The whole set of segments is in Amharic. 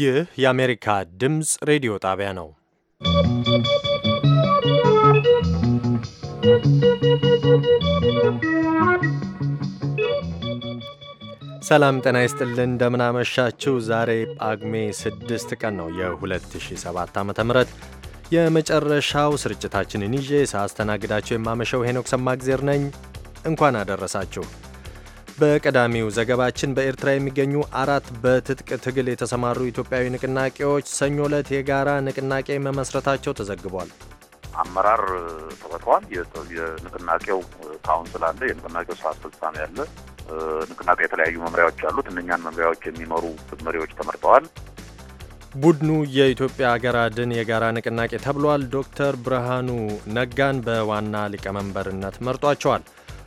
ይህ የአሜሪካ ድምፅ ሬዲዮ ጣቢያ ነው። ሰላም ጤና ይስጥልን፣ እንደምናመሻችው። ዛሬ ጳጉሜ 6 ቀን ነው የ2007 ዓ ም የመጨረሻው ስርጭታችንን ይዤ ሳስተናግዳቸው የማመሸው ሄኖክ ሰማግዜር ነኝ። እንኳን አደረሳችሁ። በቀዳሚው ዘገባችን በኤርትራ የሚገኙ አራት በትጥቅ ትግል የተሰማሩ ኢትዮጵያዊ ንቅናቄዎች ሰኞ ዕለት የጋራ ንቅናቄ መመስረታቸው ተዘግቧል። አመራር ተፈቷል። የንቅናቄው ካውንስል አለ፣ የንቅናቄው ስራ አስፈጻሚ አለ። ንቅናቄ የተለያዩ መምሪያዎች አሉት። እነኛን መምሪያዎች የሚመሩ መሪዎች ተመርጠዋል። ቡድኑ የኢትዮጵያ አገር አድን የጋራ ንቅናቄ ተብሏል። ዶክተር ብርሃኑ ነጋን በዋና ሊቀመንበርነት መርጧቸዋል።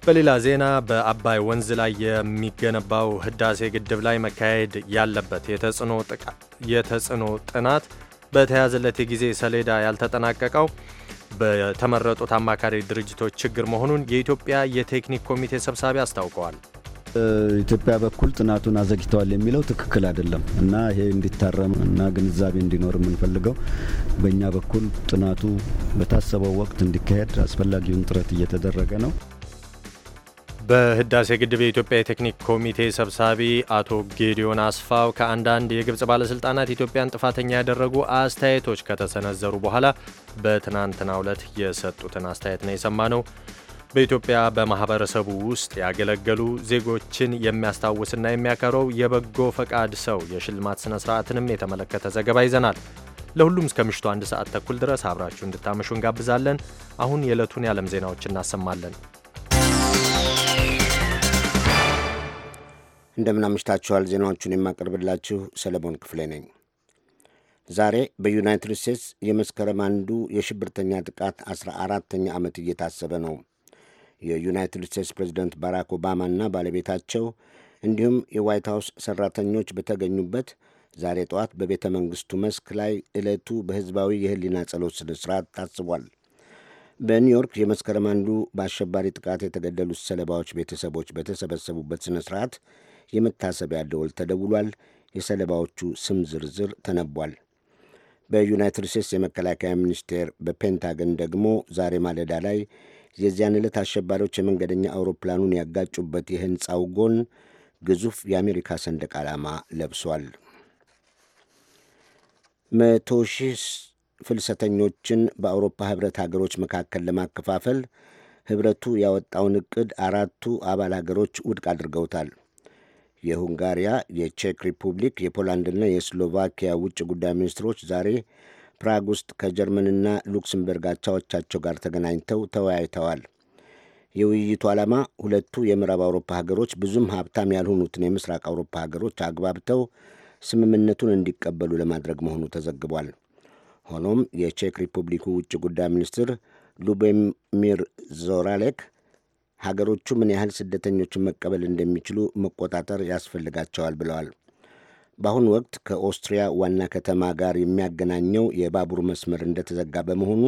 በሌላ ዜና በአባይ ወንዝ ላይ የሚገነባው ህዳሴ ግድብ ላይ መካሄድ ያለበት የተጽዕኖ ጥናት በተያዘለት የጊዜ ሰሌዳ ያልተጠናቀቀው በተመረጡት አማካሪ ድርጅቶች ችግር መሆኑን የኢትዮጵያ የቴክኒክ ኮሚቴ ሰብሳቢ አስታውቀዋል። ኢትዮጵያ በኩል ጥናቱን አዘግተዋል የሚለው ትክክል አይደለም እና ይሄ እንዲታረም እና ግንዛቤ እንዲኖር የምንፈልገው በእኛ በኩል ጥናቱ በታሰበው ወቅት እንዲካሄድ አስፈላጊውን ጥረት እየተደረገ ነው። በህዳሴ ግድብ የኢትዮጵያ የቴክኒክ ኮሚቴ ሰብሳቢ አቶ ጌዲዮን አስፋው ከአንዳንድ የግብፅ ባለሥልጣናት ኢትዮጵያን ጥፋተኛ ያደረጉ አስተያየቶች ከተሰነዘሩ በኋላ በትናንትናው ዕለት የሰጡትን አስተያየት ነው ነው። በኢትዮጵያ በማኅበረሰቡ ውስጥ ያገለገሉ ዜጎችን የሚያስታውስና የሚያከብረው የበጎ ፈቃድ ሰው የሽልማት ሥነ ሥርዓትንም የተመለከተ ዘገባ ይዘናል። ለሁሉም እስከ ምሽቱ አንድ ሰዓት ተኩል ድረስ አብራችሁ እንድታመሹ እንጋብዛለን። አሁን የዕለቱን የዓለም ዜናዎች እናሰማለን። እንደምናምሽታችኋል። ዜናዎቹን የማቀርብላችሁ ሰለሞን ክፍሌ ነኝ። ዛሬ በዩናይትድ ስቴትስ የመስከረም አንዱ የሽብርተኛ ጥቃት አስራ አራተኛ ዓመት እየታሰበ ነው። የዩናይትድ ስቴትስ ፕሬዚደንት ባራክ ኦባማና ባለቤታቸው እንዲሁም የዋይት ሀውስ ሠራተኞች በተገኙበት ዛሬ ጠዋት በቤተ መንግሥቱ መስክ ላይ ዕለቱ በሕዝባዊ የህሊና ጸሎት ስነ ሥርዓት ታስቧል። በኒውዮርክ የመስከረም አንዱ በአሸባሪ ጥቃት የተገደሉት ሰለባዎች ቤተሰቦች በተሰበሰቡበት ሥነ ሥርዓት የመታሰቢያ ደወል ተደውሏል። የሰለባዎቹ ስም ዝርዝር ተነቧል። በዩናይትድ ስቴትስ የመከላከያ ሚኒስቴር በፔንታገን ደግሞ ዛሬ ማለዳ ላይ የዚያን ዕለት አሸባሪዎች የመንገደኛ አውሮፕላኑን ያጋጩበት የሕንፃው ጎን ግዙፍ የአሜሪካ ሰንደቅ ዓላማ ለብሷል። መቶ ሺህ ፍልሰተኞችን በአውሮፓ ኅብረት ሀገሮች መካከል ለማከፋፈል ኅብረቱ ያወጣውን ዕቅድ አራቱ አባል ሀገሮች ውድቅ አድርገውታል። የሁንጋሪያ፣ የቼክ ሪፑብሊክ፣ የፖላንድና የስሎቫኪያ ውጭ ጉዳይ ሚኒስትሮች ዛሬ ፕራግ ውስጥ ከጀርመንና ሉክሰምበርግ አቻዎቻቸው ጋር ተገናኝተው ተወያይተዋል። የውይይቱ ዓላማ ሁለቱ የምዕራብ አውሮፓ ሀገሮች ብዙም ሀብታም ያልሆኑትን የምስራቅ አውሮፓ ሀገሮች አግባብተው ስምምነቱን እንዲቀበሉ ለማድረግ መሆኑ ተዘግቧል። ሆኖም የቼክ ሪፑብሊኩ ውጭ ጉዳይ ሚኒስትር ሉቦሚር ዞራሌክ ሀገሮቹ ምን ያህል ስደተኞችን መቀበል እንደሚችሉ መቆጣጠር ያስፈልጋቸዋል ብለዋል። በአሁኑ ወቅት ከኦስትሪያ ዋና ከተማ ጋር የሚያገናኘው የባቡር መስመር እንደተዘጋ በመሆኑ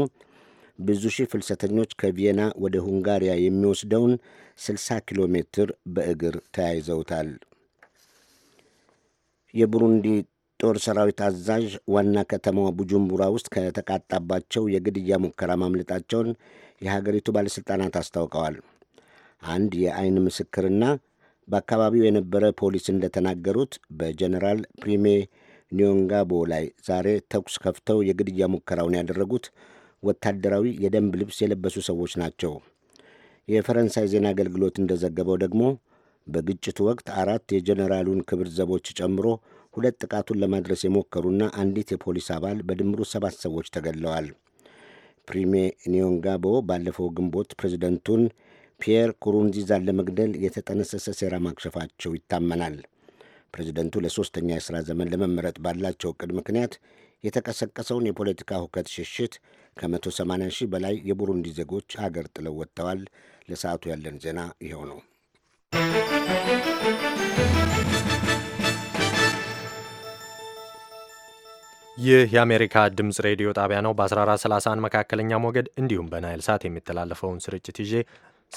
ብዙ ሺህ ፍልሰተኞች ከቪየና ወደ ሁንጋሪያ የሚወስደውን 60 ኪሎ ሜትር በእግር ተያይዘውታል። የቡሩንዲ ጦር ሰራዊት አዛዥ ዋና ከተማዋ ቡጁምቡራ ውስጥ ከተቃጣባቸው የግድያ ሙከራ ማምለጣቸውን የሀገሪቱ ባለሥልጣናት አስታውቀዋል። አንድ የአይን ምስክርና በአካባቢው የነበረ ፖሊስ እንደተናገሩት በጀነራል ፕሪሜ ኒዮንጋቦ ላይ ዛሬ ተኩስ ከፍተው የግድያ ሙከራውን ያደረጉት ወታደራዊ የደንብ ልብስ የለበሱ ሰዎች ናቸው። የፈረንሳይ ዜና አገልግሎት እንደዘገበው ደግሞ በግጭቱ ወቅት አራት የጀነራሉን ክብር ዘቦች ጨምሮ ሁለት ጥቃቱን ለማድረስ የሞከሩና አንዲት የፖሊስ አባል በድምሩ ሰባት ሰዎች ተገድለዋል። ፕሪሜ ኒዮንጋቦ ባለፈው ግንቦት ፕሬዚደንቱን ፒየር ኩሩንዚዛን ለመግደል የተጠነሰሰ ሴራ ማክሸፋቸው ይታመናል። ፕሬዚደንቱ ለሦስተኛ የሥራ ዘመን ለመመረጥ ባላቸው ዕቅድ ምክንያት የተቀሰቀሰውን የፖለቲካ ሁከት ሽሽት ከ180 ሺህ በላይ የቡሩንዲ ዜጎች አገር ጥለው ወጥተዋል። ለሰዓቱ ያለን ዜና ይኸው ነው። ይህ የአሜሪካ ድምፅ ሬዲዮ ጣቢያ ነው። በ1431 መካከለኛ ሞገድ እንዲሁም በናይል ሳት የሚተላለፈውን ስርጭት ይዤ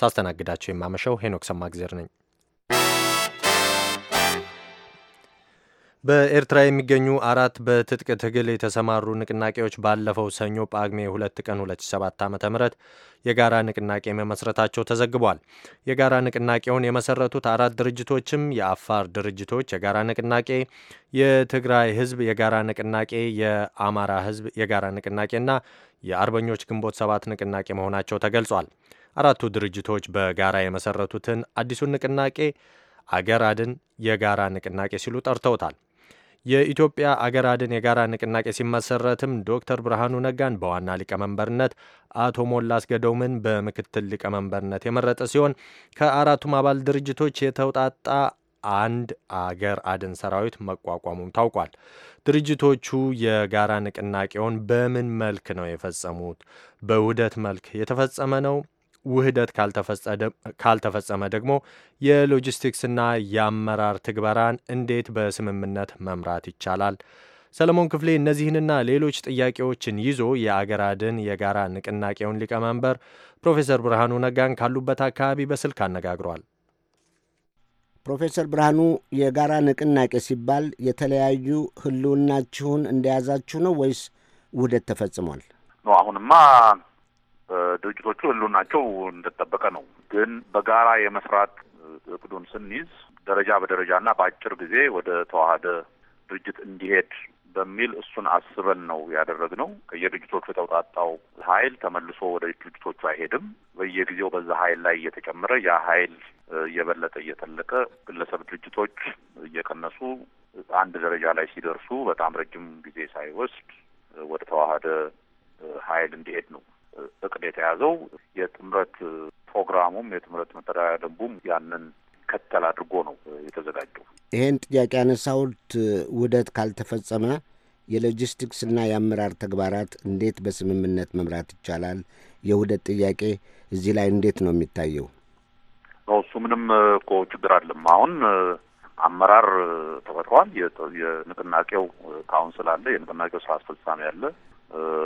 ሳስተናግዳቸው የማመሸው ሄኖክ ሰማግዜር ነኝ። በኤርትራ የሚገኙ አራት በትጥቅ ትግል የተሰማሩ ንቅናቄዎች ባለፈው ሰኞ ጳጉሜ 2 ቀን 2007 ዓ ም የጋራ ንቅናቄ መመስረታቸው ተዘግቧል። የጋራ ንቅናቄውን የመሰረቱት አራት ድርጅቶችም የአፋር ድርጅቶች የጋራ ንቅናቄ፣ የትግራይ ህዝብ የጋራ ንቅናቄ፣ የአማራ ህዝብ የጋራ ንቅናቄና የአርበኞች ግንቦት ሰባት ንቅናቄ መሆናቸው ተገልጿል። አራቱ ድርጅቶች በጋራ የመሰረቱትን አዲሱን ንቅናቄ አገር አድን የጋራ ንቅናቄ ሲሉ ጠርተውታል። የኢትዮጵያ አገር አድን የጋራ ንቅናቄ ሲመሰረትም ዶክተር ብርሃኑ ነጋን በዋና ሊቀመንበርነት አቶ ሞላ አስገዶምን በምክትል ሊቀመንበርነት የመረጠ ሲሆን ከአራቱም አባል ድርጅቶች የተውጣጣ አንድ አገር አድን ሰራዊት መቋቋሙም ታውቋል። ድርጅቶቹ የጋራ ንቅናቄውን በምን መልክ ነው የፈጸሙት? በውህደት መልክ የተፈጸመ ነው ውህደት ካልተፈጸመ ደግሞ የሎጂስቲክስና የአመራር ትግበራን እንዴት በስምምነት መምራት ይቻላል? ሰለሞን ክፍሌ እነዚህንና ሌሎች ጥያቄዎችን ይዞ የአገር አድን የጋራ ንቅናቄውን ሊቀመንበር ፕሮፌሰር ብርሃኑ ነጋን ካሉበት አካባቢ በስልክ አነጋግሯል። ፕሮፌሰር ብርሃኑ የጋራ ንቅናቄ ሲባል የተለያዩ ህልውናችሁን እንደያዛችሁ ነው ወይስ ውህደት ተፈጽሟል? አሁንማ ድርጅቶቹ ህሉናቸው እንደተጠበቀ ነው። ግን በጋራ የመስራት እቅዱን ስንይዝ ደረጃ በደረጃና በአጭር ጊዜ ወደ ተዋህደ ድርጅት እንዲሄድ በሚል እሱን አስበን ነው ያደረግነው። ከየድርጅቶቹ የተውጣጣው ኃይል ተመልሶ ወደ ድርጅቶቹ አይሄድም። በየጊዜው በዛ ኃይል ላይ እየተጨመረ ያ ኃይል እየበለጠ እየተለቀ ግለሰብ ድርጅቶች እየቀነሱ አንድ ደረጃ ላይ ሲደርሱ በጣም ረጅም ጊዜ ሳይወስድ ወደ ተዋህደ ኃይል እንዲሄድ ነው እቅድ የተያዘው የጥምረት ፕሮግራሙም የጥምረት መተዳደሪያ ደንቡም ያንን ከተል አድርጎ ነው የተዘጋጀው። ይህን ጥያቄ ያነሳሁት ውህደት ካልተፈጸመ የሎጂስቲክስና የአመራር ተግባራት እንዴት በስምምነት መምራት ይቻላል? የውህደት ጥያቄ እዚህ ላይ እንዴት ነው የሚታየው? እሱ ምንም እኮ ችግር አለም። አሁን አመራር ተፈጥሯል። የንቅናቄው ካውንስል አለ። የንቅናቄው ስራ አስፈጻሚ አለ።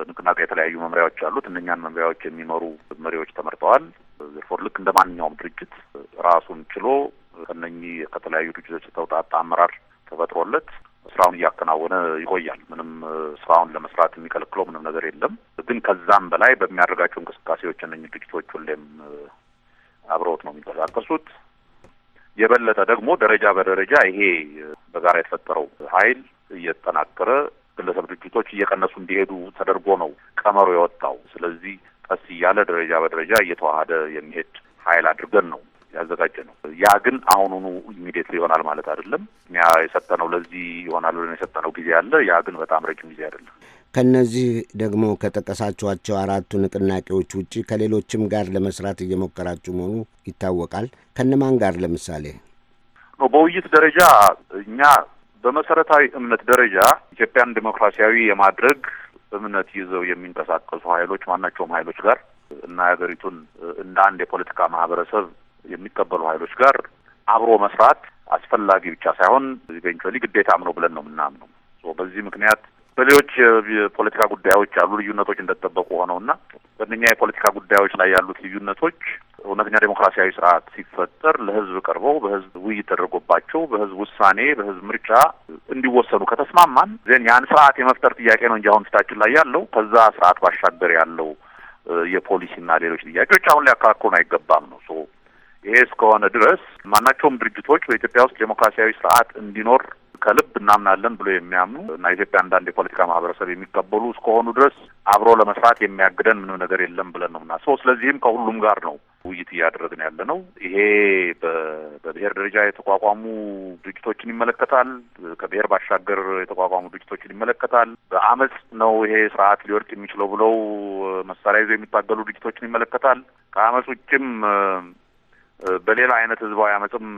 ንቅናቄ የተለያዩ መምሪያዎች አሉት። እነኛን መምሪያዎች የሚመሩ መሪዎች ተመርጠዋል። ዘርፎር ልክ እንደ ማንኛውም ድርጅት ራሱን ችሎ ከነኚህ ከተለያዩ ድርጅቶች የተውጣጣ አመራር ተፈጥሮለት ስራውን እያከናወነ ይቆያል። ምንም ስራውን ለመስራት የሚከለክለው ምንም ነገር የለም። ግን ከዛም በላይ በሚያደርጋቸው እንቅስቃሴዎች እነኚህ ድርጅቶች ሁሌም አብረውት ነው የሚንቀሳቀሱት። የበለጠ ደግሞ ደረጃ በደረጃ ይሄ በጋራ የተፈጠረው ኃይል እየተጠናከረ ግለሰብ ድርጅቶች እየቀነሱ እንዲሄዱ ተደርጎ ነው ቀመሩ የወጣው። ስለዚህ ቀስ እያለ ደረጃ በደረጃ እየተዋሃደ የሚሄድ ኃይል አድርገን ነው ያዘጋጀ ነው። ያ ግን አሁኑኑ ኢሚዲየትሊ ይሆናል ማለት አይደለም። ያ የሰጠነው ለዚህ ይሆናል ብለን የሰጠነው ጊዜ አለ። ያ ግን በጣም ረጅም ጊዜ አይደለም። ከእነዚህ ደግሞ ከጠቀሳችኋቸው አራቱ ንቅናቄዎች ውጭ ከሌሎችም ጋር ለመስራት እየሞከራችሁ መሆኑ ይታወቃል። ከነማን ጋር ለምሳሌ? በውይይት ደረጃ እኛ በመሰረታዊ እምነት ደረጃ ኢትዮጵያን ዲሞክራሲያዊ የማድረግ እምነት ይዘው የሚንቀሳቀሱ ኃይሎች ማናቸውም ኃይሎች ጋር እና ሀገሪቱን እንደ አንድ የፖለቲካ ማህበረሰብ የሚቀበሉ ኃይሎች ጋር አብሮ መስራት አስፈላጊ ብቻ ሳይሆን ኢቬንቹዋሊ ግዴታም ነው ብለን ነው የምናምነው። በዚህ ምክንያት በሌሎች የፖለቲካ ጉዳዮች አሉ ልዩነቶች እንደተጠበቁ ሆነው እና በእነኛ የፖለቲካ ጉዳዮች ላይ ያሉት ልዩነቶች እውነተኛ ዴሞክራሲያዊ ስርዓት ሲፈጠር ለህዝብ ቀርበው በህዝብ ውይይት ተደርጎባቸው በህዝብ ውሳኔ በህዝብ ምርጫ እንዲወሰኑ ከተስማማን ዜን ያን ስርዓት የመፍጠር ጥያቄ ነው እንጂ አሁን ፊታችን ላይ ያለው ከዛ ስርዓት ባሻገር ያለው የፖሊሲና ሌሎች ጥያቄዎች አሁን ሊያከራክሩን አይገባም ነው ይሄ እስከሆነ ድረስ ማናቸውም ድርጅቶች በኢትዮጵያ ውስጥ ዴሞክራሲያዊ ስርዓት እንዲኖር ከልብ እናምናለን ብሎ የሚያምኑ እና ኢትዮጵያ አንዳንድ የፖለቲካ ማህበረሰብ የሚቀበሉ እስከሆኑ ድረስ አብሮ ለመስራት የሚያግደን ምንም ነገር የለም ብለን ነው የምናስበው። ስለዚህም ከሁሉም ጋር ነው ውይይት እያደረግን ያለ ነው። ይሄ በብሔር ደረጃ የተቋቋሙ ድርጅቶችን ይመለከታል። ከብሔር ባሻገር የተቋቋሙ ድርጅቶችን ይመለከታል። በአመፅ ነው ይሄ ስርዓት ሊወድቅ የሚችለው ብለው መሳሪያ ይዘው የሚታገሉ ድርጅቶችን ይመለከታል። ከአመፅ ውጭም በሌላ አይነት ህዝባዊ አመፅም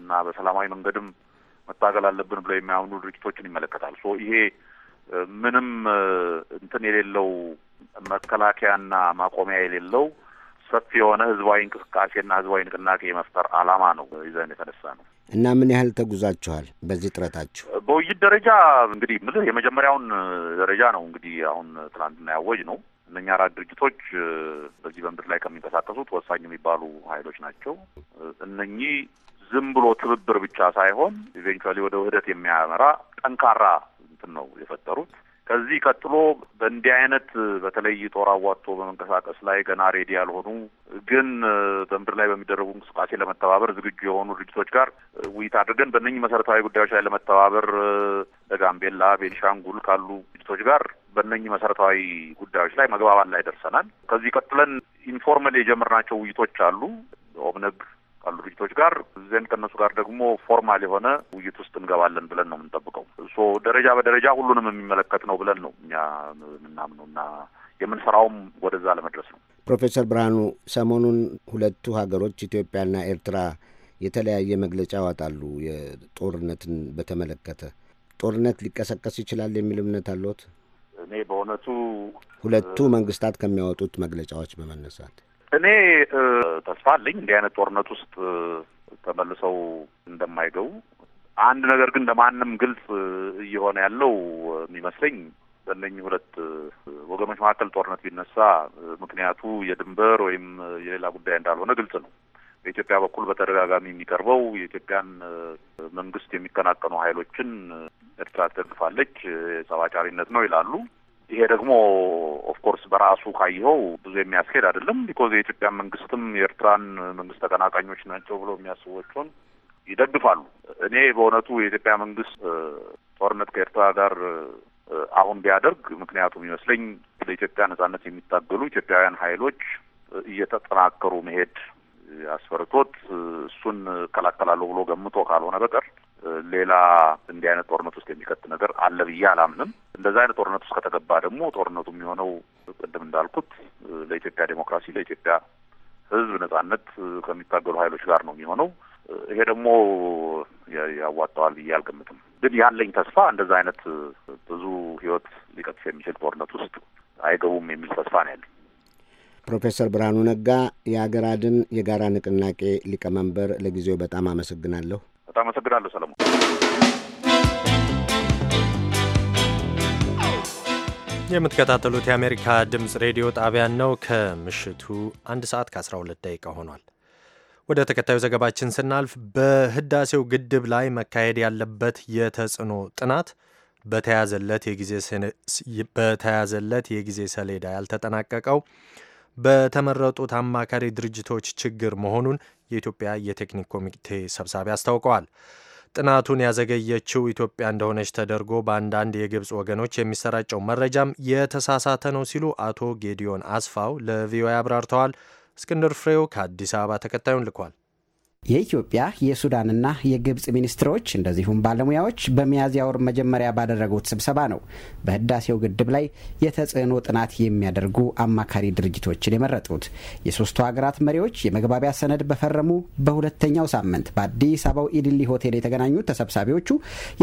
እና በሰላማዊ መንገድም መታገል አለብን ብለው የሚያምኑ ድርጅቶችን ይመለከታል። ሶ ይሄ ምንም እንትን የሌለው መከላከያና ማቆሚያ የሌለው ሰፊ የሆነ ህዝባዊ እንቅስቃሴና ህዝባዊ ንቅናቄ የመፍጠር አላማ ነው ይዘን የተነሳ ነው። እና ምን ያህል ተጉዛችኋል በዚህ ጥረታችሁ? በውይይት ደረጃ እንግዲህ ምልህ የመጀመሪያውን ደረጃ ነው እንግዲህ አሁን ትናንትና ያወጅ ነው። እነኛ አራት ድርጅቶች በዚህ በምድር ላይ ከሚንቀሳቀሱት ወሳኝ የሚባሉ ሀይሎች ናቸው። እነኚህ ዝም ብሎ ትብብር ብቻ ሳይሆን ኢቬንቹዋሊ ወደ ውህደት የሚያመራ ጠንካራ እንትን ነው የፈጠሩት። ከዚህ ቀጥሎ በእንዲህ አይነት በተለይ ጦር አዋጥቶ በመንቀሳቀስ ላይ ገና ሬዲ ያልሆኑ ግን በምድር ላይ በሚደረጉ እንቅስቃሴ ለመተባበር ዝግጁ የሆኑ ድርጅቶች ጋር ውይይት አድርገን በእነኝህ መሰረታዊ ጉዳዮች ላይ ለመተባበር በጋምቤላ፣ ቤንሻንጉል ካሉ ድርጅቶች ጋር በእነኝህ መሰረታዊ ጉዳዮች ላይ መግባባት ላይ ደርሰናል። ከዚህ ቀጥለን ኢንፎርመል የጀመርናቸው ውይይቶች አሉ ኦብነግ ድርጅቶች ጋር ዜን ከእነሱ ጋር ደግሞ ፎርማል የሆነ ውይይት ውስጥ እንገባለን ብለን ነው የምንጠብቀው። ሶ ደረጃ በደረጃ ሁሉንም የሚመለከት ነው ብለን ነው እኛ የምናምነው እና የምንሰራውም ወደዛ ለመድረስ ነው። ፕሮፌሰር ብርሃኑ ሰሞኑን ሁለቱ ሀገሮች ኢትዮጵያና ኤርትራ የተለያየ መግለጫ ያወጣሉ የጦርነትን በተመለከተ ጦርነት ሊቀሰቀስ ይችላል የሚል እምነት አለዎት? እኔ በእውነቱ ሁለቱ መንግስታት ከሚያወጡት መግለጫዎች በመነሳት እኔ ተስፋ አለኝ እንዲህ አይነት ጦርነት ውስጥ ተመልሰው እንደማይገቡ። አንድ ነገር ግን ለማንም ግልጽ እየሆነ ያለው የሚመስለኝ በእነኝህ ሁለት ወገኖች መካከል ጦርነት ቢነሳ ምክንያቱ የድንበር ወይም የሌላ ጉዳይ እንዳልሆነ ግልጽ ነው። በኢትዮጵያ በኩል በተደጋጋሚ የሚቀርበው የኢትዮጵያን መንግስት የሚቀናቀኑ ኃይሎችን ኤርትራ ትደግፋለች፣ ጸባጫሪነት ነው ይላሉ። ይሄ ደግሞ ኦፍኮርስ በራሱ ካየኸው ብዙ የሚያስኬድ አይደለም። ቢኮዝ የኢትዮጵያ መንግስትም የኤርትራን መንግስት ተቀናቃኞች ናቸው ብሎ የሚያስቦቸውን ይደግፋሉ። እኔ በእውነቱ የኢትዮጵያ መንግስት ጦርነት ከኤርትራ ጋር አሁን ቢያደርግ ምክንያቱም ይመስለኝ ለኢትዮጵያ ነጻነት የሚታገሉ ኢትዮጵያውያን ሀይሎች እየተጠናከሩ መሄድ አስፈርቶት እሱን እከላከላለሁ ብሎ ገምቶ ካልሆነ በቀር ሌላ እንዲህ አይነት ጦርነት ውስጥ የሚከት ነገር አለ ብዬ አላምንም። እንደዛ አይነት ጦርነት ውስጥ ከተገባ ደግሞ ጦርነቱ የሚሆነው ቅድም እንዳልኩት ለኢትዮጵያ ዴሞክራሲ፣ ለኢትዮጵያ ሕዝብ ነጻነት ከሚታገሉ ኃይሎች ጋር ነው የሚሆነው። ይሄ ደግሞ ያዋጣዋል ብዬ አልገምትም። ግን ያለኝ ተስፋ እንደዛ አይነት ብዙ ሕይወት ሊቀጥፍ የሚችል ጦርነት ውስጥ አይገቡም የሚል ተስፋ ነው ያለኝ። ፕሮፌሰር ብርሃኑ ነጋ የሀገር አድን የጋራ ንቅናቄ ሊቀመንበር፣ ለጊዜው በጣም አመሰግናለሁ። በጣም አመሰግናለሁ ሰለሞን። የምትከታተሉት የአሜሪካ ድምፅ ሬዲዮ ጣቢያን ነው። ከምሽቱ አንድ ሰዓት ከ12 ደቂቃ ሆኗል። ወደ ተከታዩ ዘገባችን ስናልፍ በህዳሴው ግድብ ላይ መካሄድ ያለበት የተጽዕኖ ጥናት በተያዘለት የጊዜ ሰሌዳ ያልተጠናቀቀው በተመረጡት አማካሪ ድርጅቶች ችግር መሆኑን የኢትዮጵያ የቴክኒክ ኮሚቴ ሰብሳቢ አስታውቀዋል። ጥናቱን ያዘገየችው ኢትዮጵያ እንደሆነች ተደርጎ በአንዳንድ የግብፅ ወገኖች የሚሰራጨው መረጃም የተሳሳተ ነው ሲሉ አቶ ጌዲዮን አስፋው ለቪኦኤ አብራርተዋል። እስክንድር ፍሬው ከአዲስ አበባ ተከታዩን ልኳል። የኢትዮጵያ የሱዳንና የግብፅ ሚኒስትሮች እንደዚሁም ባለሙያዎች በሚያዝያ ወር መጀመሪያ ባደረጉት ስብሰባ ነው በህዳሴው ግድብ ላይ የተጽዕኖ ጥናት የሚያደርጉ አማካሪ ድርጅቶችን የመረጡት። የሶስቱ ሀገራት መሪዎች የመግባቢያ ሰነድ በፈረሙ በሁለተኛው ሳምንት በአዲስ አበባው ኢድሊ ሆቴል የተገናኙት ተሰብሳቢዎቹ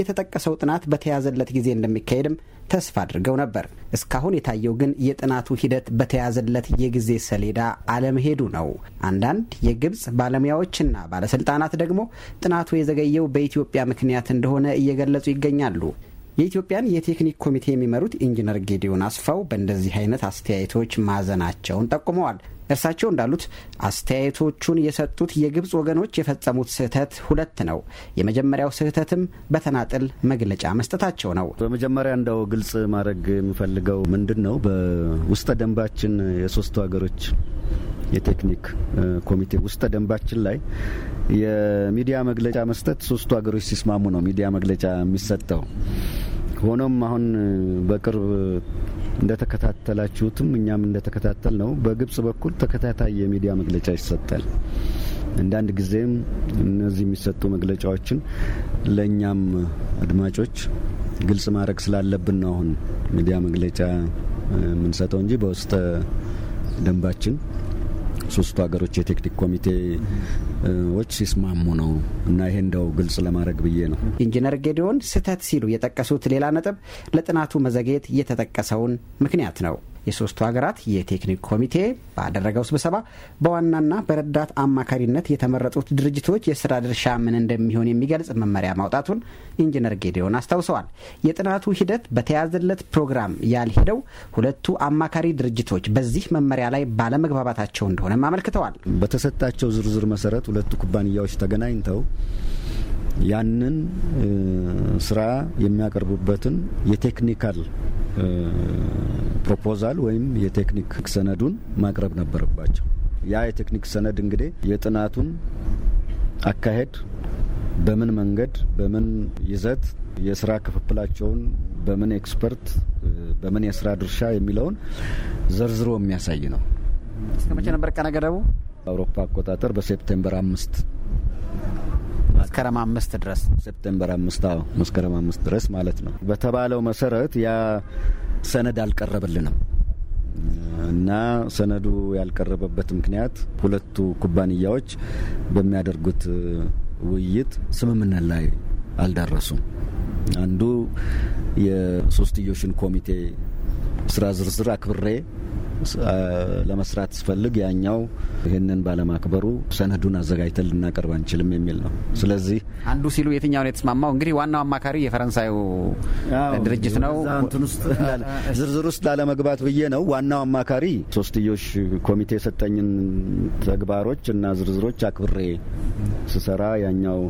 የተጠቀሰው ጥናት በተያዘለት ጊዜ እንደሚካሄድም ተስፋ አድርገው ነበር። እስካሁን የታየው ግን የጥናቱ ሂደት በተያዘለት የጊዜ ሰሌዳ አለመሄዱ ነው። አንዳንድ የግብፅ ባለሙያዎችና ባለስልጣናት ደግሞ ጥናቱ የዘገየው በኢትዮጵያ ምክንያት እንደሆነ እየገለጹ ይገኛሉ። የኢትዮጵያን የቴክኒክ ኮሚቴ የሚመሩት ኢንጂነር ጌዲዮን አስፋው በእንደዚህ አይነት አስተያየቶች ማዘናቸውን ጠቁመዋል። እርሳቸው እንዳሉት አስተያየቶቹን የሰጡት የግብፅ ወገኖች የፈጸሙት ስህተት ሁለት ነው። የመጀመሪያው ስህተትም በተናጥል መግለጫ መስጠታቸው ነው። በመጀመሪያ እንደው ግልጽ ማድረግ የምፈልገው ምንድን ነው በውስጠ ደንባችን የሶስቱ ሀገሮች የቴክኒክ ኮሚቴ ውስጠ ደንባችን ላይ የሚዲያ መግለጫ መስጠት ሶስቱ ሀገሮች ሲስማሙ ነው ሚዲያ መግለጫ የሚሰጠው። ሆኖም አሁን በቅርብ እንደተከታተላችሁትም እኛም እንደተከታተል ነው። በግብጽ በኩል ተከታታይ የሚዲያ መግለጫ ይሰጣል። አንዳንድ ጊዜም እነዚህ የሚሰጡ መግለጫዎችን ለእኛም አድማጮች ግልጽ ማድረግ ስላለብን ነው አሁን ሚዲያ መግለጫ የምንሰጠው እንጂ በውስጥ ደንባችን ሶስቱ ሀገሮች የቴክኒክ ኮሚቴዎች ሲስማሙ ነው እና ይሄ እንደው ግልጽ ለማድረግ ብዬ ነው። ኢንጂነር ጌዲዮን ስህተት ሲሉ የጠቀሱት ሌላ ነጥብ ለጥናቱ መዘግየት የተጠቀሰውን ምክንያት ነው። የሶስቱ ሀገራት የቴክኒክ ኮሚቴ ባደረገው ስብሰባ በዋናና በረዳት አማካሪነት የተመረጡት ድርጅቶች የስራ ድርሻ ምን እንደሚሆን የሚገልጽ መመሪያ ማውጣቱን ኢንጂነር ጌዲዮን አስታውሰዋል። የጥናቱ ሂደት በተያዘለት ፕሮግራም ያልሄደው ሁለቱ አማካሪ ድርጅቶች በዚህ መመሪያ ላይ ባለመግባባታቸው እንደሆነም አመልክተዋል። በተሰጣቸው ዝርዝር መሰረት ሁለቱ ኩባንያዎች ተገናኝተው ያንን ስራ የሚያቀርቡበትን የቴክኒካል ፕሮፖዛል ወይም የቴክኒክ ሰነዱን ማቅረብ ነበረባቸው። ያ የቴክኒክ ሰነድ እንግዲህ የጥናቱን አካሄድ በምን መንገድ በምን ይዘት የስራ ክፍፍላቸውን በምን ኤክስፐርት በምን የስራ ድርሻ የሚለውን ዘርዝሮ የሚያሳይ ነው። እስከ መቼ ነበር ቀነ ገደቡ? አውሮፓ አቆጣጠር በሴፕቴምበር አምስት መስከረም አምስት ድረስ ሴፕቴምበር አምስት አዎ መስከረም አምስት ድረስ ማለት ነው። በተባለው መሰረት ያ ሰነድ አልቀረበልንም እና ሰነዱ ያልቀረበበት ምክንያት ሁለቱ ኩባንያዎች በሚያደርጉት ውይይት ስምምነት ላይ አልዳረሱም። አንዱ የሶስትዮሽን ኮሚቴ ስራ ዝርዝር አክብሬ ለመስራት ስፈልግ ያኛው ይህንን ባለማክበሩ ሰነዱን አዘጋጅተን ልናቀርብ አንችልም የሚል ነው። ስለዚህ አንዱ ሲሉ የትኛውን የተስማማው እንግዲህ ዋናው አማካሪ የፈረንሳዩ ድርጅት ነው። ዝርዝር ውስጥ ላለመግባት ብዬ ነው። ዋናው አማካሪ ሶስትዮሽ ኮሚቴ የሰጠኝን ተግባሮች እና ዝርዝሮች አክብሬ ስሰራ ያኛው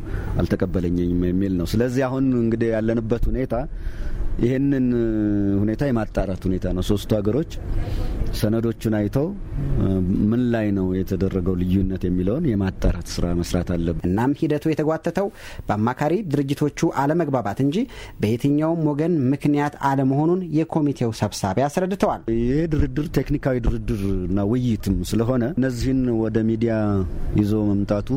አልተቀበለኝም የሚል ነው። ስለዚህ አሁን እንግዲህ ያለንበት ሁኔታ ይህንን ሁኔታ የማጣራት ሁኔታ ነው። ሶስቱ ሀገሮች ሰነዶቹን አይተው ምን ላይ ነው የተደረገው ልዩነት የሚለውን የማጣራት ስራ መስራት አለብን። እናም ሂደቱ የተጓተተው በአማካሪ ድርጅቶቹ አለመግባባት እንጂ በየትኛውም ወገን ምክንያት አለመሆኑን የኮሚቴው ሰብሳቢ አስረድተዋል። ይሄ ድርድር ቴክኒካዊ ድርድርና ውይይትም ስለሆነ እነዚህን ወደ ሚዲያ ይዞ መምጣቱ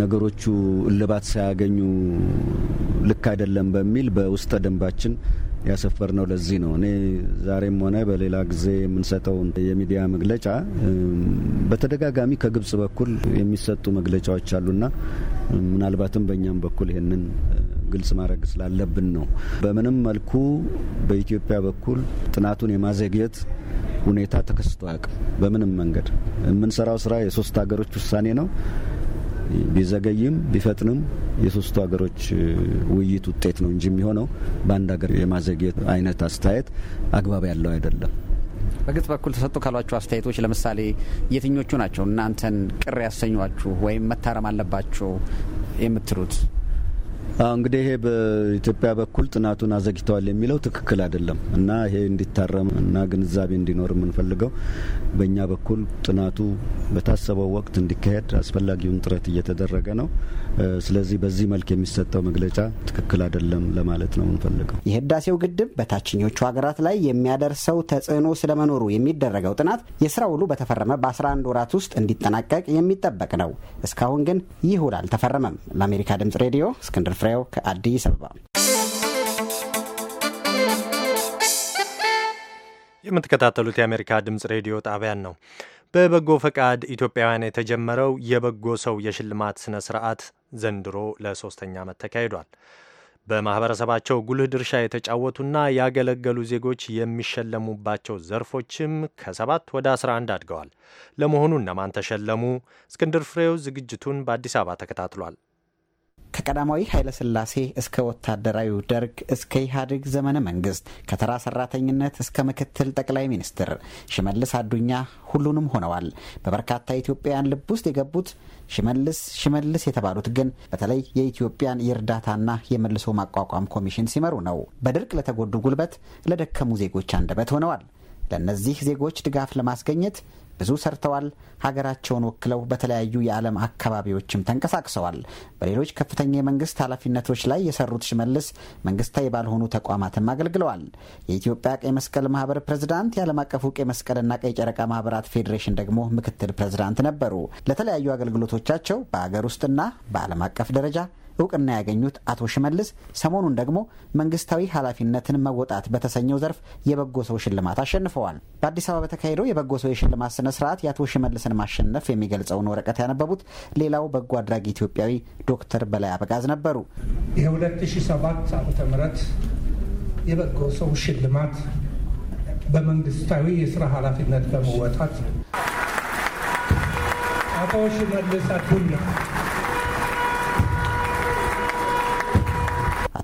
ነገሮቹ እልባት ሳያገኙ ልክ አይደለም በሚል በውስጠ ደንባችን ያሰፈር ነው። ለዚህ ነው እኔ ዛሬም ሆነ በሌላ ጊዜ የምንሰጠውን የሚዲያ መግለጫ በተደጋጋሚ ከግብጽ በኩል የሚሰጡ መግለጫዎች አሉና ምናልባትም በእኛም በኩል ይህንን ግልጽ ማድረግ ስላለብን ነው። በምንም መልኩ በኢትዮጵያ በኩል ጥናቱን የማዘግየት ሁኔታ ተከስቶ አያውቅም። በምንም መንገድ የምንሰራው ስራ የሶስት ሀገሮች ውሳኔ ነው። ቢዘገይም ቢፈጥንም የሶስቱ ሀገሮች ውይይት ውጤት ነው እንጂ የሚሆነው በአንድ ሀገር የማዘግየት አይነት አስተያየት አግባብ ያለው አይደለም። በግብጽ በኩል ተሰጡ ካሏቸው አስተያየቶች ለምሳሌ የትኞቹ ናቸው እናንተን ቅር ያሰኟችሁ ወይም መታረም አለባቸው የምትሉት? እንግዲህ ይሄ በኢትዮጵያ በኩል ጥናቱን አዘግተዋል የሚለው ትክክል አይደለም እና ይሄ እንዲታረም እና ግንዛቤ እንዲኖር የምንፈልገው በእኛ በኩል ጥናቱ በታሰበው ወቅት እንዲካሄድ አስፈላጊውን ጥረት እየተደረገ ነው። ስለዚህ በዚህ መልክ የሚሰጠው መግለጫ ትክክል አይደለም ለማለት ነው የምንፈልገው። የህዳሴው ግድብ በታችኞቹ ሀገራት ላይ የሚያደርሰው ተጽዕኖ ስለመኖሩ የሚደረገው ጥናት የስራ ውሉ በተፈረመ በ11 ወራት ውስጥ እንዲጠናቀቅ የሚጠበቅ ነው። እስካሁን ግን ይህ ውል አልተፈረመም። ለአሜሪካ ድምጽ ሬዲዮ እስክንድር ፍሬው ከአዲስ አበባ። የምትከታተሉት የአሜሪካ ድምፅ ሬዲዮ ጣቢያን ነው። በበጎ ፈቃድ ኢትዮጵያውያን የተጀመረው የበጎ ሰው የሽልማት ስነ ስርዓት ዘንድሮ ለሶስተኛ ዓመት ተካሂዷል። በማህበረሰባቸው ጉልህ ድርሻ የተጫወቱና ያገለገሉ ዜጎች የሚሸለሙባቸው ዘርፎችም ከሰባት ወደ አንድ አድገዋል። ለመሆኑ እነማን ተሸለሙ? እስክንድር ፍሬው ዝግጅቱን በአዲስ አበባ ተከታትሏል። ከቀዳማዊ ኃይለሥላሴ እስከ ወታደራዊው ደርግ እስከ ኢህአዴግ ዘመነ መንግስት ከተራ ሰራተኝነት እስከ ምክትል ጠቅላይ ሚኒስትር ሽመልስ አዱኛ ሁሉንም ሆነዋል። በበርካታ ኢትዮጵያውያን ልብ ውስጥ የገቡት ሽመልስ ሽመልስ የተባሉት ግን በተለይ የኢትዮጵያን የእርዳታና የመልሶ ማቋቋም ኮሚሽን ሲመሩ ነው። በድርቅ ለተጎዱ ጉልበት፣ ለደከሙ ዜጎች አንደበት ሆነዋል። ለእነዚህ ዜጎች ድጋፍ ለማስገኘት ብዙ ሰርተዋል። ሀገራቸውን ወክለው በተለያዩ የዓለም አካባቢዎችም ተንቀሳቅሰዋል። በሌሎች ከፍተኛ የመንግስት ኃላፊነቶች ላይ የሰሩት ሽመልስ መንግስታዊ ባልሆኑ ተቋማትም አገልግለዋል። የኢትዮጵያ ቀይ መስቀል ማህበር ፕሬዝዳንት፣ የዓለም አቀፉ ቀይ መስቀልና ቀይ ጨረቃ ማህበራት ፌዴሬሽን ደግሞ ምክትል ፕሬዝዳንት ነበሩ። ለተለያዩ አገልግሎቶቻቸው በአገር ውስጥና በዓለም አቀፍ ደረጃ እውቅና ያገኙት አቶ ሽመልስ ሰሞኑን ደግሞ መንግስታዊ ኃላፊነትን መወጣት በተሰኘው ዘርፍ የበጎ ሰው ሽልማት አሸንፈዋል። በአዲስ አበባ በተካሄደው የበጎ ሰው የሽልማት ስነ ስርዓት የአቶ ሽመልስን ማሸነፍ የሚገልጸውን ወረቀት ያነበቡት ሌላው በጎ አድራጊ ኢትዮጵያዊ ዶክተር በላይ አበጋዝ ነበሩ። የ2007 ዓ.ም የበጎ ሰው ሽልማት በመንግስታዊ የስራ ኃላፊነት በመወጣት አቶ ሽመልስ አዱኛ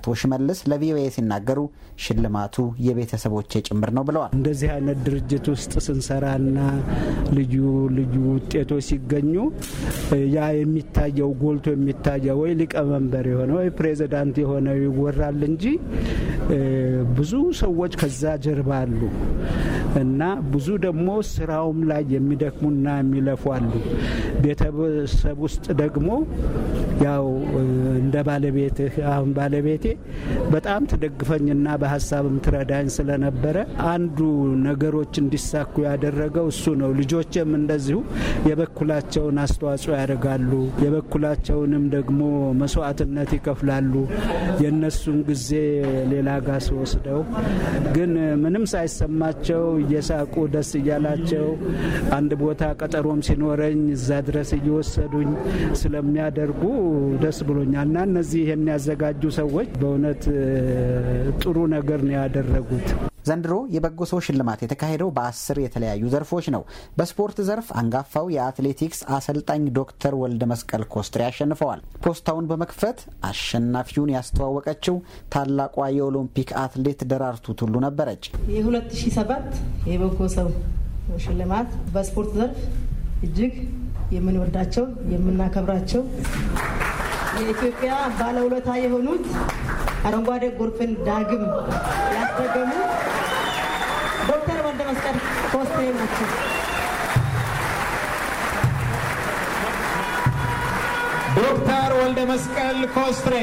አቶ ሽመልስ ለቪኦኤ ሲናገሩ ሽልማቱ የቤተሰቦች ጭምር ነው ብለዋል። እንደዚህ አይነት ድርጅት ውስጥ ስንሰራና ልዩ ልዩ ውጤቶች ሲገኙ ያ የሚታየው ጎልቶ የሚታየው ወይ ሊቀመንበር የሆነ ወይ ፕሬዚዳንት የሆነ ይወራል እንጂ ብዙ ሰዎች ከዛ ጀርባ አሉ እና ብዙ ደግሞ ስራውም ላይ የሚደክሙና የሚለፉ አሉ ቤተሰብ ውስጥ ደግሞ ያው እንደ ባለቤትህ አሁን ባለቤቴ በጣም ትደግፈኝና በሀሳብም ትረዳኝ ስለነበረ አንዱ ነገሮች እንዲሳኩ ያደረገው እሱ ነው። ልጆችም እንደዚሁ የበኩላቸውን አስተዋጽኦ ያደርጋሉ። የበኩላቸውንም ደግሞ መስዋዕትነት ይከፍላሉ። የእነሱን ጊዜ ሌላ ጋር ሲወስደው ግን ምንም ሳይሰማቸው እየሳቁ ደስ እያላቸው አንድ ቦታ ቀጠሮም ሲኖረኝ እዛ ድረስ እየወሰዱኝ ስለሚያደርጉ ደስ ብሎኛል። እነዚህ የሚያዘጋጁ ሰዎች በእውነት ጥሩ ነገር ነው ያደረጉት። ዘንድሮ የበጎ ሰው ሽልማት የተካሄደው በአስር የተለያዩ ዘርፎች ነው። በስፖርት ዘርፍ አንጋፋው የአትሌቲክስ አሰልጣኝ ዶክተር ወልደ መስቀል ኮስትሬ አሸንፈዋል። ፖስታውን በመክፈት አሸናፊውን ያስተዋወቀችው ታላቋ የኦሎምፒክ አትሌት ደራርቱ ቱሉ ነበረች። የ2007 የበጎ ሰው ሽልማት በስፖርት ዘርፍ እጅግ የምንወዳቸው የምናከብራቸው የኢትዮጵያ ባለውለታ የሆኑት አረንጓዴ ጎርፍን ዳግም ያስደገሙ ዶክተር ወልደ መስቀል ኮስቴ ናቸው። ዶክተር ወልደ መስቀል ኮስትሬ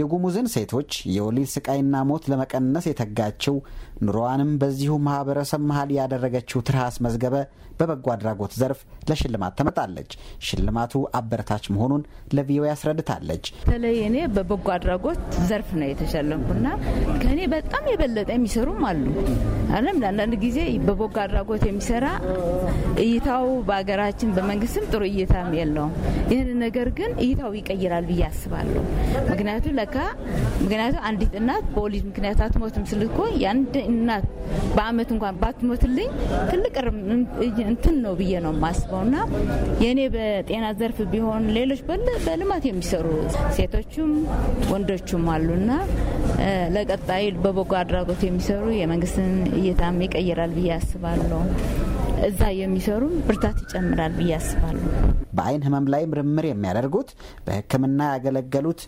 የጉሙዝን ሴቶች የወሊድ ስቃይና ሞት ለመቀነስ የተጋችው ኑሮዋንም በዚሁ ማህበረሰብ መሀል ያደረገችው ትርሃስ መዝገበ በበጎ አድራጎት ዘርፍ ለሽልማት ተመጣለች። ሽልማቱ አበረታች መሆኑን ለቪኦኤ ያስረድታለች። በተለይ እኔ በበጎ አድራጎት ዘርፍ ነው የተሸለምኩና ከእኔ በጣም የበለጠ የሚሰሩም አሉ። አለም ለአንዳንድ ጊዜ በበጎ አድራጎት የሚሰራ እይታው በሀገራችን በመንግስትም ጥሩ እይታም የለውም። ይህን ነገር ግን እይታው ይቀይራል ብዬ አስባለሁ። ምክንያቱም ቢዘጋ ምክንያቱ አንዲት እናት በወሊድ ምክንያት አትሞትም ስል እኮ የአንድ እናት በአመት እንኳን ባትሞትልኝ ትልቅ እንትን ነው ብዬ ነው የማስበው። እና የእኔ በጤና ዘርፍ ቢሆን ሌሎች በልማት የሚሰሩ ሴቶችም ወንዶችም አሉና ለቀጣይ በበጎ አድራጎት የሚሰሩ የመንግስትን እይታም ይቀይራል ብዬ አስባለሁ። እዛ የሚሰሩ ብርታት ይጨምራል ብዬ አስባለሁ። በአይን ህመም ላይ ምርምር የሚያደርጉት በህክምና ያገለገሉት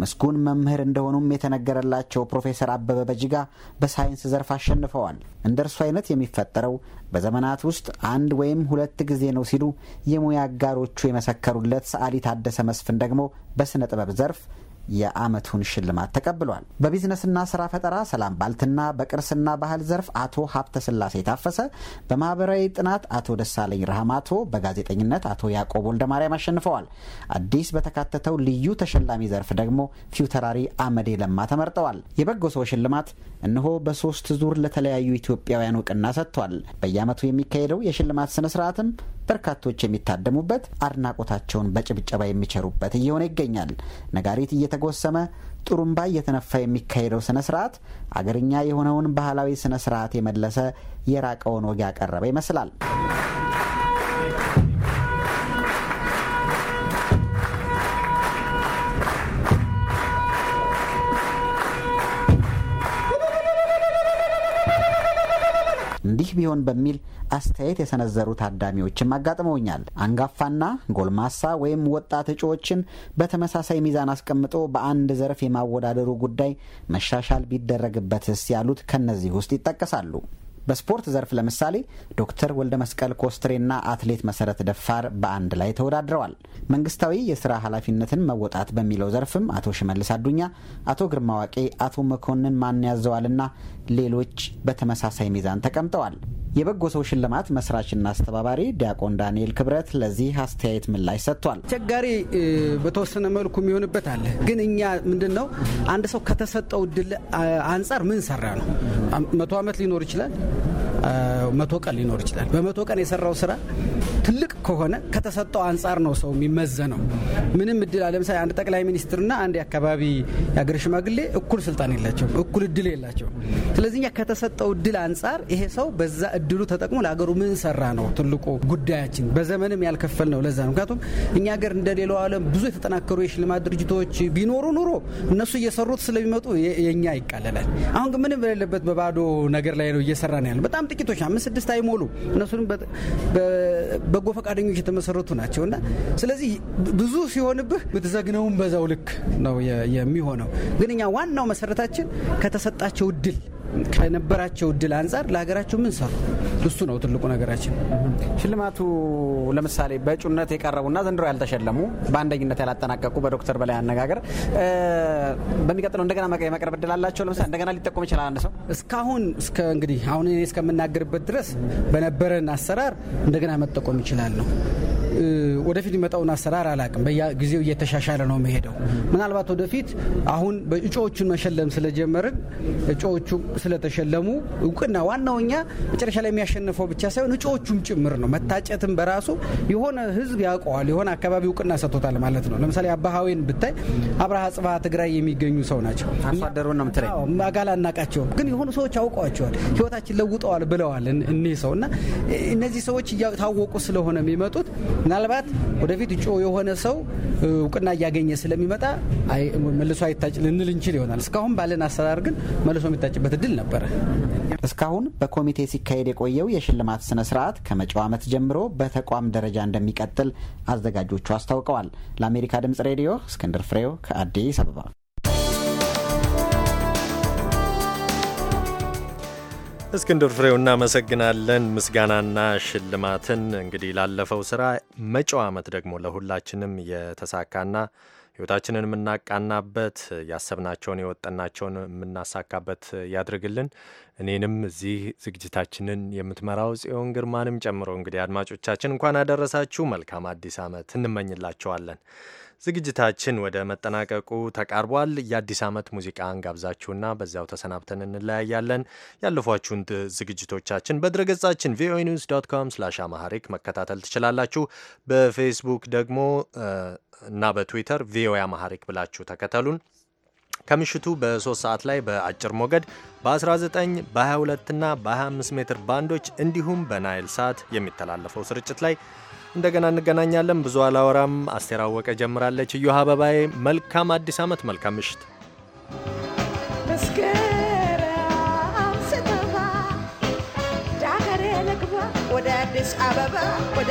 ምስጉን መምህር እንደሆኑም የተነገረላቸው ፕሮፌሰር አበበ በጅጋ በሳይንስ ዘርፍ አሸንፈዋል። እንደ እርሱ አይነት የሚፈጠረው በዘመናት ውስጥ አንድ ወይም ሁለት ጊዜ ነው ሲሉ የሙያ አጋሮቹ የመሰከሩለት ሰዓሊ ታደሰ መስፍን ደግሞ በሥነ ጥበብ ዘርፍ የአመቱን ሽልማት ተቀብሏል። በቢዝነስና ስራ ፈጠራ ሰላም ባልትና፣ በቅርስና ባህል ዘርፍ አቶ ሀብተ ስላሴ ታፈሰ፣ በማህበራዊ ጥናት አቶ ደሳለኝ ረህማቶ፣ በጋዜጠኝነት አቶ ያዕቆብ ወልደማርያም አሸንፈዋል። አዲስ በተካተተው ልዩ ተሸላሚ ዘርፍ ደግሞ ፊውተራሪ አመዴ ለማ ተመርጠዋል። የበጎ ሰው ሽልማት እነሆ በሶስት ዙር ለተለያዩ ኢትዮጵያውያን እውቅና ሰጥቷል። በየአመቱ የሚካሄደው የሽልማት ስነ ስርዓትም በርካቶች የሚታደሙበት፣ አድናቆታቸውን በጭብጨባ የሚቸሩበት እየሆነ ይገኛል። ነጋሪት እየተጎሰመ ጡሩምባ እየተነፋ የሚካሄደው ስነ ስርዓት አገርኛ የሆነውን ባህላዊ ስነ ስርዓት የመለሰ የራቀውን ወግ ያቀረበ ይመስላል። ይህ ቢሆን በሚል አስተያየት የሰነዘሩ ታዳሚዎችም አጋጥመውኛል። አንጋፋና ጎልማሳ ወይም ወጣት እጩዎችን በተመሳሳይ ሚዛን አስቀምጦ በአንድ ዘርፍ የማወዳደሩ ጉዳይ መሻሻል ቢደረግበትስ ያሉት ከነዚህ ውስጥ ይጠቀሳሉ። በስፖርት ዘርፍ ለምሳሌ ዶክተር ወልደ መስቀል ኮስትሬና አትሌት መሰረት ደፋር በአንድ ላይ ተወዳድረዋል። መንግስታዊ የስራ ኃላፊነትን መወጣት በሚለው ዘርፍም አቶ ሽመልስ አዱኛ፣ አቶ ግርማ ዋቄ፣ አቶ መኮንን ማን ያዘዋልና ሌሎች በተመሳሳይ ሚዛን ተቀምጠዋል። የበጎ ሰው ሽልማት መስራችና አስተባባሪ ዲያቆን ዳንኤል ክብረት ለዚህ አስተያየት ምላሽ ሰጥቷል። አስቸጋሪ በተወሰነ መልኩ የሚሆንበት አለ። ግን እኛ ምንድን ነው አንድ ሰው ከተሰጠው ድል አንጻር ምን ሰራ ነው። መቶ ዓመት ሊኖር ይችላል መቶ ቀን ሊኖር ይችላል። በመቶ ቀን የሰራው ስራ ትልቅ ከሆነ ከተሰጠው አንጻር ነው ሰው የሚመዘነው። ምንም እድል ለምሳሌ አንድ ጠቅላይ ሚኒስትርና አንድ የአካባቢ የአገር ሽማግሌ እኩል ስልጣን የላቸው። እኩል እድል የላቸው። ስለዚህ እኛ ከተሰጠው እድል አንጻር ይሄ ሰው በዛ እድሉ ተጠቅሞ ለአገሩ ምን ሰራ ነው ትልቁ ጉዳያችን። በዘመንም ያልከፈል ነው ለዛ ነው። ምክንያቱም እኛ ሀገር እንደሌላው ዓለም ብዙ የተጠናከሩ የሽልማት ድርጅቶች ቢኖሩ ኑሮ እነሱ እየሰሩት ስለሚመጡ የእኛ ይቃለላል። አሁን ግን ምንም በሌለበት በባዶ ነገር ላይ ነው እየሰራ ነው ያለ በጣም በጣም ጥቂቶች አምስት ስድስት አይሞሉ እነሱንም በጎ ፈቃደኞች የተመሰረቱ ናቸው እና ስለዚህ ብዙ ሲሆንብህ ምትዘግነውን በዛው ልክ ነው የሚሆነው። ግን እኛ ዋናው መሰረታችን ከተሰጣቸው እድል ከነበራቸው እድል አንጻር ለሀገራቸው ምን ሰሩ? እሱ ነው ትልቁ ነገራችን። ሽልማቱ ለምሳሌ በእጩነት የቀረቡና ዘንድሮ ያልተሸለሙ በአንደኝነት ያላጠናቀቁ በዶክተር በላይ አነጋገር በሚቀጥለው እንደገና የመቅረብ እድል አላቸው። ለምሳሌ እንደገና ሊጠቆም ይችላል አንድ ሰው እስካሁን እስከ እንግዲህ አሁን እኔ እስከምናገርበት ድረስ በነበረን አሰራር እንደገና መጠቆም ይችላል ነው ወደፊት የሚመጣውን አሰራር አላቅም። በየጊዜው እየተሻሻለ ነው የሚሄደው። ምናልባት ወደፊት አሁን እጩዎቹን መሸለም ስለጀመርን እጩዎቹ ስለተሸለሙ እውቅና ዋናው እኛ መጨረሻ ላይ የሚያሸንፈው ብቻ ሳይሆን እጩዎቹም ጭምር ነው። መታጨትም በራሱ የሆነ ህዝብ ያውቀዋል፣ የሆነ አካባቢ እውቅና ሰጥቶታል ማለት ነው። ለምሳሌ አባሃዌን ብታይ አብርሃ ጽባ ትግራይ የሚገኙ ሰው ናቸው። አምባሳደሩን ነው ምትለኝ አጋል አናቃቸውም፣ ግን የሆኑ ሰዎች አውቀዋቸዋል፣ ህይወታችን ለውጠዋል ብለዋል እኒህ ሰው እና እነዚህ ሰዎች ታወቁ ስለሆነ የሚመጡት ምናልባት ወደፊት እጩ የሆነ ሰው እውቅና እያገኘ ስለሚመጣ መልሶ አይታጭ ልንል እንችል ይሆናል። እስካሁን ባለን አሰራር ግን መልሶ የሚታጭበት እድል ነበረ። እስካሁን በኮሚቴ ሲካሄድ የቆየው የሽልማት ስነ ስርዓት ከመጪው ዓመት ጀምሮ በተቋም ደረጃ እንደሚቀጥል አዘጋጆቹ አስታውቀዋል። ለአሜሪካ ድምጽ ሬዲዮ እስክንድር ፍሬው ከአዲስ አበባ እስክንድር ፍሬው እናመሰግናለን። ምስጋናና ሽልማትን እንግዲህ ላለፈው ስራ መጪው ዓመት ደግሞ ለሁላችንም የተሳካና ህይወታችንን የምናቃናበት ያሰብናቸውን የወጠናቸውን የምናሳካበት ያድርግልን። እኔንም እዚህ ዝግጅታችንን የምትመራው ጽዮን ግርማንም ጨምሮ እንግዲህ አድማጮቻችን እንኳን አደረሳችሁ፣ መልካም አዲስ ዓመት እንመኝላቸዋለን። ዝግጅታችን ወደ መጠናቀቁ ተቃርቧል። የአዲስ ዓመት ሙዚቃ እንጋብዛችሁና በዚያው ተሰናብተን እንለያያለን። ያለፏችሁን ዝግጅቶቻችን በድረገጻችን ቪኦኤ ኒውስ ዶት ኮም ስላሽ አማሐሪክ መከታተል ትችላላችሁ። በፌስቡክ ደግሞ እና በትዊተር ቪኦኤ አማሐሪክ ብላችሁ ተከተሉን። ከምሽቱ በሶስት ሰዓት ላይ በአጭር ሞገድ በ19 በ22 እና በ25 ሜትር ባንዶች እንዲሁም በናይል ሳት የሚተላለፈው ስርጭት ላይ እንደገና እንገናኛለን። ብዙ አላወራም። አስቴር አወቀ ጀምራለች። እዮሃ አበባዬ፣ መልካም አዲስ ዓመት፣ መልካም ምሽት። ወደ አዲስ አበባ ወደ